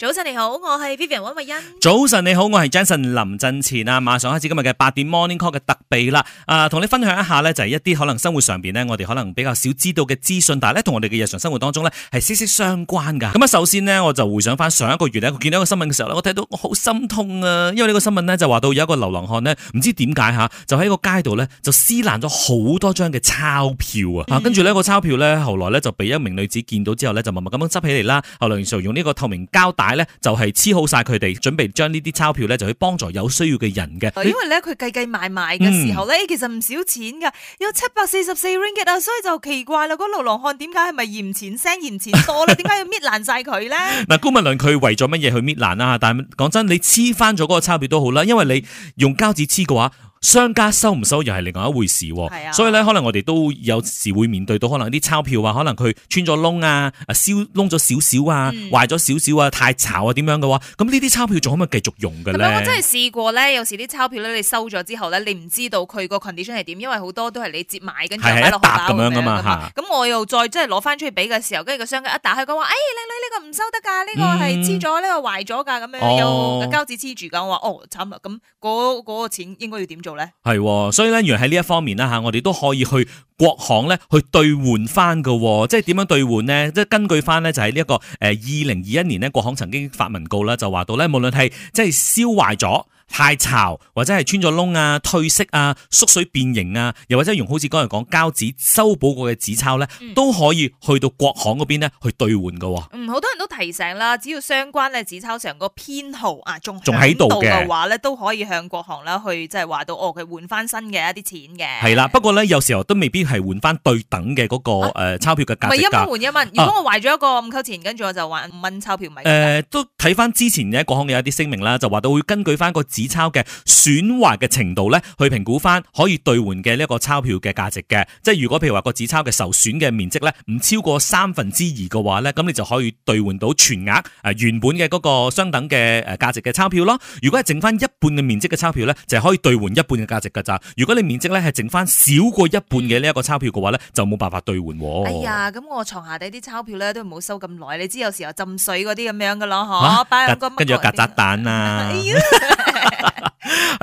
早晨你好，我係 Vivian 溫慧欣。早晨你好，我係 Jason 林振前啊！馬上開始今日嘅八點 Morning Call 嘅特備啦。啊、呃，同你分享一下呢，就係一啲可能生活上邊呢，我哋可能比較少知道嘅資訊，但係呢，同我哋嘅日常生活當中呢，係息息相關噶。咁啊，首先呢，我就回想翻上一個月呢，我見到一個新聞嘅時候呢，我睇到我好心痛啊，因為呢個新聞呢，就話到有一個流浪漢、嗯啊、呢，唔知點解吓，就喺個街度呢，就撕爛咗好多張嘅鈔票啊！跟住呢個鈔票呢，後來呢，就俾一名女子見到之後呢，就默默咁樣執起嚟啦。後來就用呢個透明膠帶。咧就係黐好晒佢哋，準備將呢啲鈔票咧就去幫助有需要嘅人嘅。因為咧佢計計埋埋嘅時候咧，嗯、其實唔少錢噶，有七百四十四 ringgit 啊，所以就奇怪啦。嗰流浪漢點解？係咪嫌錢聲嫌錢多啦？點解要搣爛晒佢咧？嗱，姑勿論佢為咗乜嘢去搣爛啊？但係講真，你黐翻咗嗰個鈔票都好啦，因為你用膠紙黐嘅話。商家收唔收又係另外一回事，啊，是啊、所以咧可能我哋都有時會面對到可能啲鈔票啊，可能佢穿咗窿啊，燒窿咗少少啊，壞咗，嗯、少少啊，太潮啊，點樣嘅話，咁呢啲鈔票仲可唔可以繼續用嘅咧？咁我真係試過咧，有時啲鈔票咧你收咗之後咧，你唔知道佢個 condition 係點，因為好多都係你接買跟住喺度攋咁樣啊嘛吓。咁我又再即係攞翻出去俾嘅時候，跟住個商家一打開講話，誒，靚女呢個唔收得噶，呢、這個係黐咗，呢、嗯、個壞咗噶，咁樣有膠紙黐住噶，我話哦，慘啦，咁嗰嗰個錢應該要點係，哦、所以呢，原來喺呢一方面啦，吓，我哋都可以去國行呢去兌換翻噶，即係點樣兌換呢？即係根據翻呢，就係呢一個誒，二零二一年呢，國行曾經發文告啦，就話到呢，無論係即係燒壞咗。太潮或者係穿咗窿啊、褪色啊、縮水變形啊，又或者用好似剛才講膠紙修補過嘅紙鈔咧，嗯、都可以去到國行嗰邊咧去兌換嘅。嗯，好多人都提醒啦，只要相關嘅紙鈔成個編號啊，仲仲喺度嘅話咧，都可以向國行咧去即係話到哦，佢換翻新嘅一啲錢嘅。係啦，不過咧，有時候都未必係換翻對等嘅嗰、那個誒、啊呃、鈔票嘅價值，唔係一蚊換一蚊，如果我壞咗一個五鈔錢，跟住我就換五蚊鈔票咪。誒、呃呃，都睇翻之前嘅國行有一啲聲明啦，就話到會根據翻個。紙鈔嘅損壞嘅程度咧，去評估翻可以兌換嘅呢一個鈔票嘅價值嘅，即係如果譬如話個紙鈔嘅受損嘅面積咧，唔超過三分之二嘅話咧，咁你就可以兌換到全額誒原本嘅嗰個相等嘅誒價值嘅鈔票咯。如果係剩翻一半嘅面積嘅鈔票咧，就係可以兌換一半嘅價值噶咋。如果你面積咧係剩翻少過一半嘅呢一個鈔票嘅話咧，就冇辦法兌換。哎呀，咁我床下底啲鈔票咧都冇收咁耐，你知有時候浸水嗰啲咁樣嘅咯，嗬，擺咁個乜鬼？跟住有曱甴蛋啊！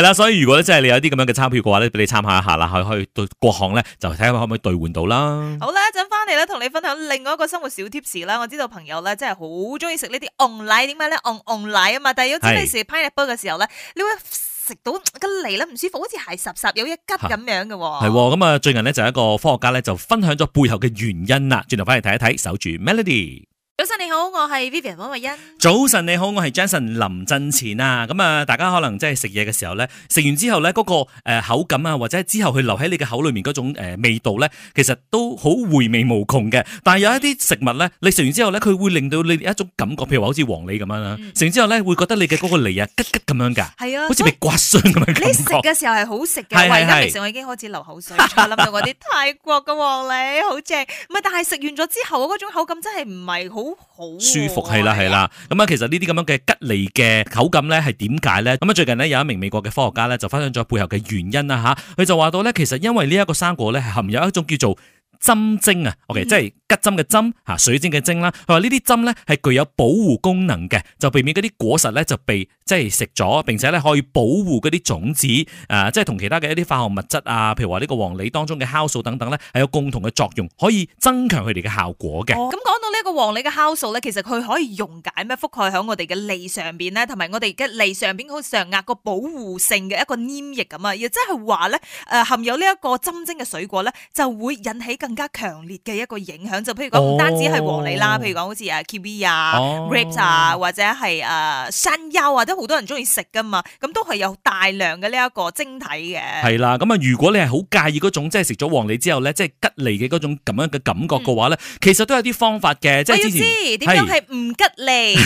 係啦，所以如果咧，即係你有啲咁樣嘅鈔票嘅話咧，俾你參考一下啦，可以去兌國行咧，就睇下可唔可以兌換到啦。好啦，一陣翻嚟咧，同你分享另外一個生活小貼士啦。我知道朋友咧，真係好中意食呢啲 on 奶，點解咧 on on 奶啊嘛？但係要真係食 pineapple 嘅時候咧，你會食到個脷咧唔舒服，好似係濕濕有一吉咁樣嘅。係咁啊！最近呢就一個科學家咧就分享咗背後嘅原因啦。轉頭翻嚟睇一睇，守住 Melody。早晨你好，我係 Vivian 黃慧欣。早晨你好，我係 Jason 林振前啊！咁啊，大家可能即係食嘢嘅時候咧，食完之後咧，嗰、嗰個誒口感啊，或者之後佢留喺你嘅口裏面嗰種誒味道咧，其實都好回味無窮嘅。但係有一啲食物咧，你食完之後咧，佢會令到你一種感覺，譬如話好似黃梨咁樣啦，食、嗯、完之後咧，會覺得你嘅嗰個脷啊吉吉咁樣噶，係 啊，好似被刮傷咁樣。以你食嘅時候係好食嘅，其實我已經開始流口水，我諗 到嗰啲泰國嘅黃梨好正，唔係，但係食完咗之後，嗰種口感真係唔係好。好舒服係，啦係啦。咁啊其實呢啲咁樣嘅吉利嘅口感呢，係點解呢？咁啊最近呢，有一名美國嘅科學家呢，就分享咗背後嘅原因啦吓，佢就話到呢，其實因為呢一個生果呢，係含有一種叫做。針精啊，OK，即係桔針嘅針嚇，水晶嘅晶啦。佢話呢啲針咧係具有保護功能嘅，就避免嗰啲果實咧就被即係食咗，並且咧可以保護嗰啲種子啊、呃，即係同其他嘅一啲化學物質啊，譬如話呢個黃梨當中嘅酵素等等咧，係有共同嘅作用，可以增強佢哋嘅效果嘅。咁講、哦、到呢一個黃梨嘅酵素咧，其實佢可以溶解咩？覆蓋喺我哋嘅脷上邊咧，同埋我哋嘅脷上邊好上壓個保護性嘅一個黏液咁啊，亦即係話咧，誒、呃、含有呢一個針精嘅水果咧，就會引起更更加強烈嘅一個影響，就譬如講唔單止係黃梨啦，哦、譬如講好似啊 K V 啊 Rips 啊，或者係啊山丘啊，者好多人中意食噶嘛，咁都係有大量嘅呢一個晶體嘅。係啦，咁啊，如果你係好介意嗰種即係食咗黃梨之後咧，即係吉利嘅嗰種咁樣嘅感覺嘅話咧，嗯、其實都有啲方法嘅。即我知點樣係唔吉利，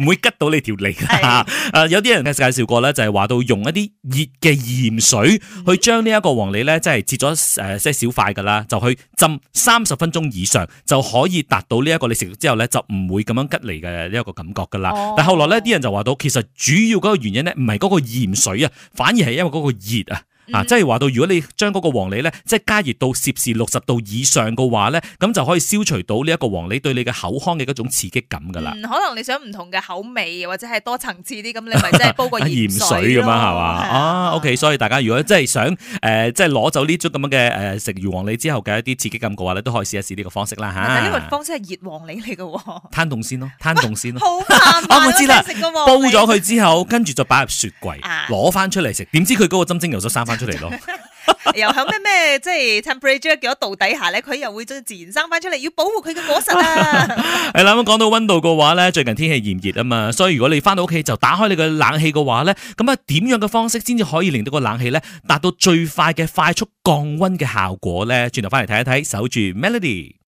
唔會吉到你條脷啊！有啲人介紹過咧，就係、是、話到用一啲熱嘅鹽水去將呢一個黃梨咧，即係切咗誒些小塊噶。啦，就去浸三十分鐘以上，就可以達到呢一個你食咗之後咧，就唔會咁樣拮脷嘅呢一個感覺噶啦。但後來咧，啲人就話到，其實主要嗰個原因咧，唔係嗰個鹽水啊，反而係因為嗰個熱啊。嗱，即係話到，如果你將嗰個黃梨咧，即係加熱到攝氏六十度以上嘅話咧，咁就可以消除到呢一個黃梨對你嘅口腔嘅嗰種刺激感噶啦。可能你想唔同嘅口味，或者係多層次啲，咁你咪即係煲過鹽水咁啊，係嘛？啊，OK，所以大家如果真係想誒，即係攞走呢樽咁樣嘅誒食完黃梨之後嘅一啲刺激感嘅話咧，都可以試一試呢個方式啦吓。但呢個方式係熱黃梨嚟嘅，攤凍先咯，攤凍先咯。我知啦，煲咗佢之後，跟住再擺入雪櫃，攞翻出嚟食，點知佢嗰個針針油都散出嚟咯， 又係咩咩，即係 temperature 幾多度底下咧，佢又會將自然生翻出嚟，要保護佢嘅果實啊。係啦，咁講到溫度嘅話咧，最近天氣炎熱啊嘛，所以如果你翻到屋企就打開你嘅冷氣嘅話咧，咁啊點樣嘅方式先至可以令到個冷氣咧達到最快嘅快速降溫嘅效果咧？轉頭翻嚟睇一睇，守住 Melody。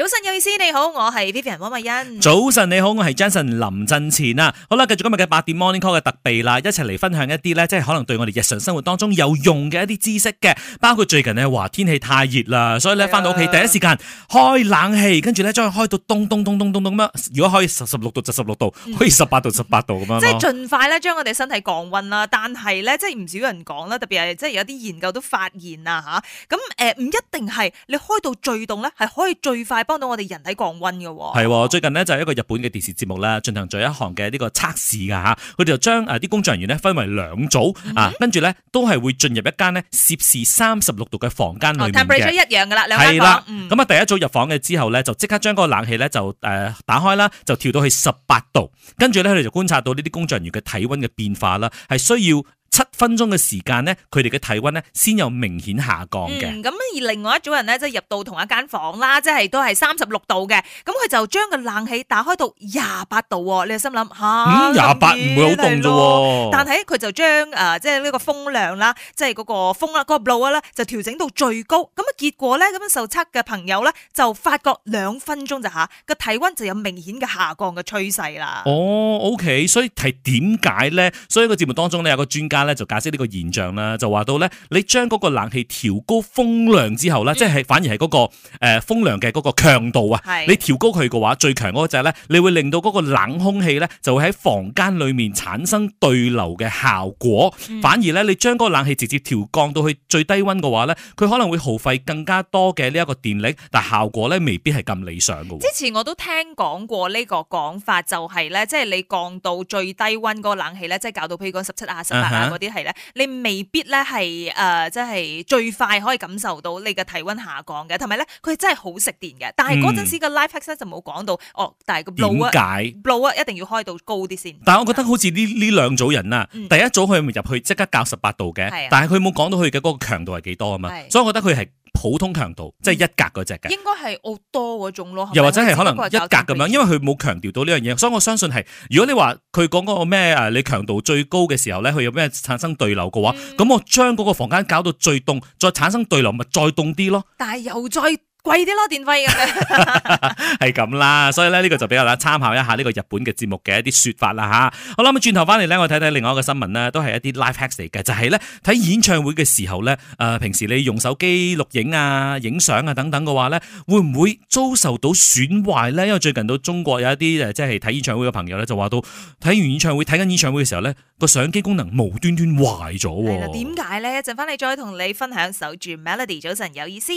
早晨，有意思你好，我係 Vivian 黃慧欣。早晨你好，我係 Jansen 林振前啊。好啦，繼續今日嘅八點 Morning Call 嘅特備啦，一齊嚟分享一啲咧，即係可能對我哋日常生活當中有用嘅一啲知識嘅，包括最近呢話天氣太熱啦，所以咧翻到屋企的第一時間開冷氣，跟住咧將佢開到咚咚咚咚咚咁樣，如果可以十十六度就十六度，可以十八度十八度咁樣，嗯、 即係盡快咧將我哋身體降溫啦。但係咧即係唔少人講啦，特別係即係有啲研究都發現啊吓，咁誒唔一定係你開到最凍咧，係可以最快。幫到我哋人體降溫嘅喎。係、哦、最近呢就是、一個日本嘅電視節目啦，進行咗一項嘅呢個測試噶吓，佢哋就將誒啲工作人員呢分為兩組、嗯、啊，跟住呢都係會進入一間呢攝氏三十六度嘅房間裏面嘅 temperature 一樣噶啦，兩間房係啦，咁啊了、嗯、第一組入房嘅之後呢，就即刻將嗰個冷氣呢就誒、呃、打開啦，就調到去十八度，跟住呢，佢哋就觀察到呢啲工作人員嘅體溫嘅變化啦，係需要。七分鐘嘅時間咧，佢哋嘅體溫咧先有明顯下降嘅。咁、嗯、而另外一組人咧，即係入到同一間房啦，即係都係三十六度嘅。咁佢就將個冷氣打開到廿八度，你心諗吓，廿八唔會好凍咯。但係佢就將誒、呃，即係呢個風量啦，即係嗰個風啦，嗰、嗰個 blow 就調整到最高。咁啊，結果咧，咁樣受測嘅朋友咧，就發覺兩分鐘就吓個體溫就有明顯嘅下降嘅趨勢啦。哦，OK，所以係點解咧？所以個節目當中咧，有個專家。咧就解釋呢個現象啦，就話到咧，你將嗰個冷氣調高風量之後咧，即係反而係嗰個誒風量嘅嗰個強度啊，你調高佢嘅話，最強嗰個就係咧，你會令到嗰個冷空氣咧就會喺房間裡面產生對流嘅效果。反而咧，你將個冷氣直接調降到去最低温嘅話咧，佢可能會耗費更加多嘅呢一個電力，但係效果咧未必係咁理想嘅。之前我都聽講過呢個講法，就係咧，即係你降到最低温嗰個冷氣咧，即係搞到譬如講十七啊、十八啊。嗰啲係咧，你未必咧係誒，即、呃、係最快可以感受到你嘅體温下降嘅，同埋咧，佢真係好食電嘅。但係嗰陣時個 live access 咧就冇講到、嗯、哦。但係個點解 blower 一定要開到高啲先？但係我覺得好似呢呢兩組人啊，嗯、第一組佢咪入去即刻較十八度嘅，啊、但係佢冇講到佢嘅嗰個強度係幾多啊嘛，所以我覺得佢係。普通強度，即係一格嗰隻嘅，應該係好多嗰種咯。係咪又或者係可能一格咁樣，因為佢冇強調到呢樣嘢，所以我相信係。如果你話佢講嗰個咩誒，你強度最高嘅時候咧，佢有咩產生對流嘅話，咁、嗯、我將嗰個房間搞到最凍，再產生對流，咪再凍啲咯。但係又再。貴啲咯，電費咁樣，係咁啦，所以咧呢個就俾大家參考一下呢個日本嘅節目嘅一啲說法啦吓。好啦，咁轉頭翻嚟咧，我睇睇另外一個新聞啦，都係一啲 live hacks 嘅，就係咧睇演唱會嘅時候咧，誒、呃，平時你用手機錄影啊、影相啊等等嘅話咧，會唔會遭受到損壞咧？因為最近到中國有一啲誒，即係睇演唱會嘅朋友咧，就話到睇完演唱會、睇緊演唱會嘅時候咧，個相機功能無端端壞咗。點解咧？一陣翻嚟再同你分享，守住 Melody 早晨有意思。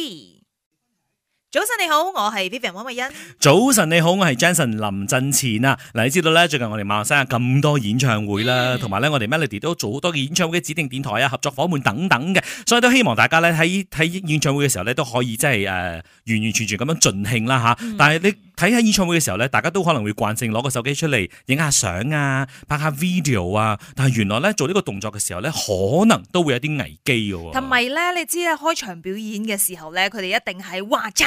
早晨你好，我係 Vivian 汪慧欣。早晨你好，我係 Jenson 林振前啊！嗱，你知道咧，最近我哋馬來西亞咁多演唱會啦，同埋咧我哋 Melody 都做好多嘅演唱會嘅指定電台啊、合作夥伴等等嘅，所以都希望大家咧喺睇演唱會嘅時候咧都可以即係誒完完全全咁樣盡興啦吓，mm hmm. 但係你。睇下演唱會嘅時候咧，大家都可能會慣性攞個手機出嚟影下相啊、拍下 video 啊，但係原來咧做呢個動作嘅時候咧，可能都會有啲危機嘅。同埋咧，你知啊，開場表演嘅時候咧，佢哋一定係哇！爭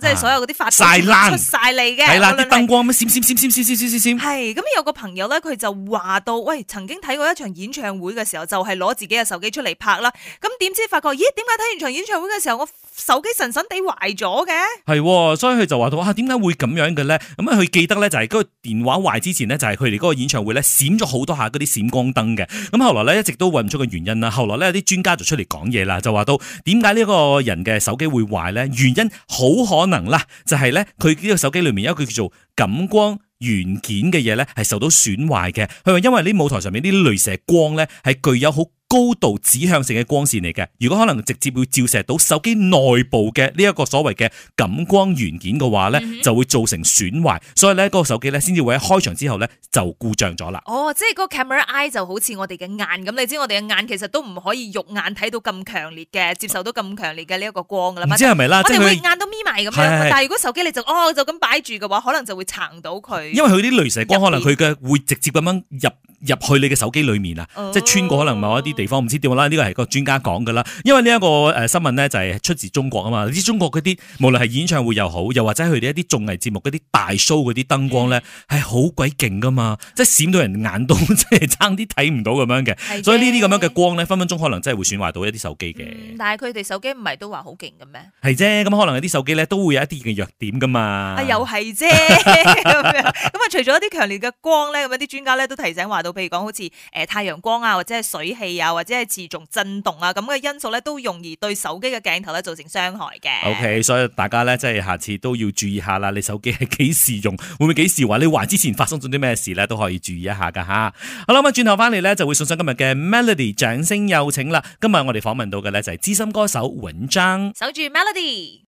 啊、即係所有嗰啲發光出晒嚟嘅，啲了燈光咩閃閃閃閃閃閃閃閃。係咁有個朋友咧，佢就話到，喂，曾經睇過一場演唱會嘅時候，就係、是、攞自己嘅手機出嚟拍啦。咁點知發覺，咦？點解睇完場演唱會嘅時候，我手機神神地壞咗嘅？係，所以佢就話到啊，點解會咁樣嘅咧？咁、嗯、啊，佢記得咧，就係嗰個電話壞之前咧，就係佢哋嗰個演唱會咧閃咗好多下嗰啲閃光燈嘅。咁、嗯、後來咧一直都揾唔出個原因啦。後來咧有啲專家就出嚟講嘢啦，就話到點解呢個人嘅手機會壞咧？原因好可。能啦，就係咧，佢呢個手機裏面有一個叫做感光元件嘅嘢咧，係受到損壞嘅。佢話，因為呢舞台上面啲鐳射光咧，係具有好。高度指向性嘅光線嚟嘅，如果可能直接會照射到手機內部嘅呢一個所謂嘅感光元件嘅話咧，嗯、哼就會造成損壞，所以咧嗰個手機咧先至會喺開場之後咧就故障咗啦。哦，即係嗰個 camera eye 就好似我哋嘅眼咁，你知我哋嘅眼其實都唔可以肉眼睇到咁強烈嘅，接受到咁強烈嘅呢一個光噶啦。唔知係咪啦？我哋會眼都眯埋咁樣，它但係如果手機你就哦就咁擺住嘅話，可能就會撐到佢。因為佢啲鐳射光，可能佢嘅會直接咁樣入。入去你嘅手機裡面啊，哦、即係穿過可能某一啲地方，唔知點啦。呢個係個專家講㗎啦，因為呢一個誒新聞咧就係出自中國啊嘛。你知中國嗰啲無論係演唱會又好，又或者佢哋一啲綜藝節目嗰啲大 show 嗰啲燈光咧係好鬼勁㗎嘛，即係閃到人眼都即係差啲睇唔到咁樣嘅。的所以呢啲咁樣嘅光咧分分鐘可能真係會損壞到一啲手機嘅、嗯。但係佢哋手機唔係都話好勁嘅咩？係啫，咁可能有啲手機咧都會有一啲嘅弱點㗎嘛。啊，又係啫咁樣。啊， 除咗一啲強烈嘅光咧，咁啲專家咧都提醒話到。譬如講好似誒太陽光啊，或者係水汽啊，或者係持續震動啊咁嘅因素咧，都容易對手機嘅鏡頭咧造成傷害嘅。OK，所以大家咧即係下次都要注意下啦。你手機係幾時用，會唔會幾時話你話之前發生咗啲咩事咧，都可以注意一下噶吓。好啦，咁啊轉頭翻嚟咧就會送上今日嘅 Melody 掌聲有請啦。今日我哋訪問到嘅咧就係資深歌手永章，守住 Melody。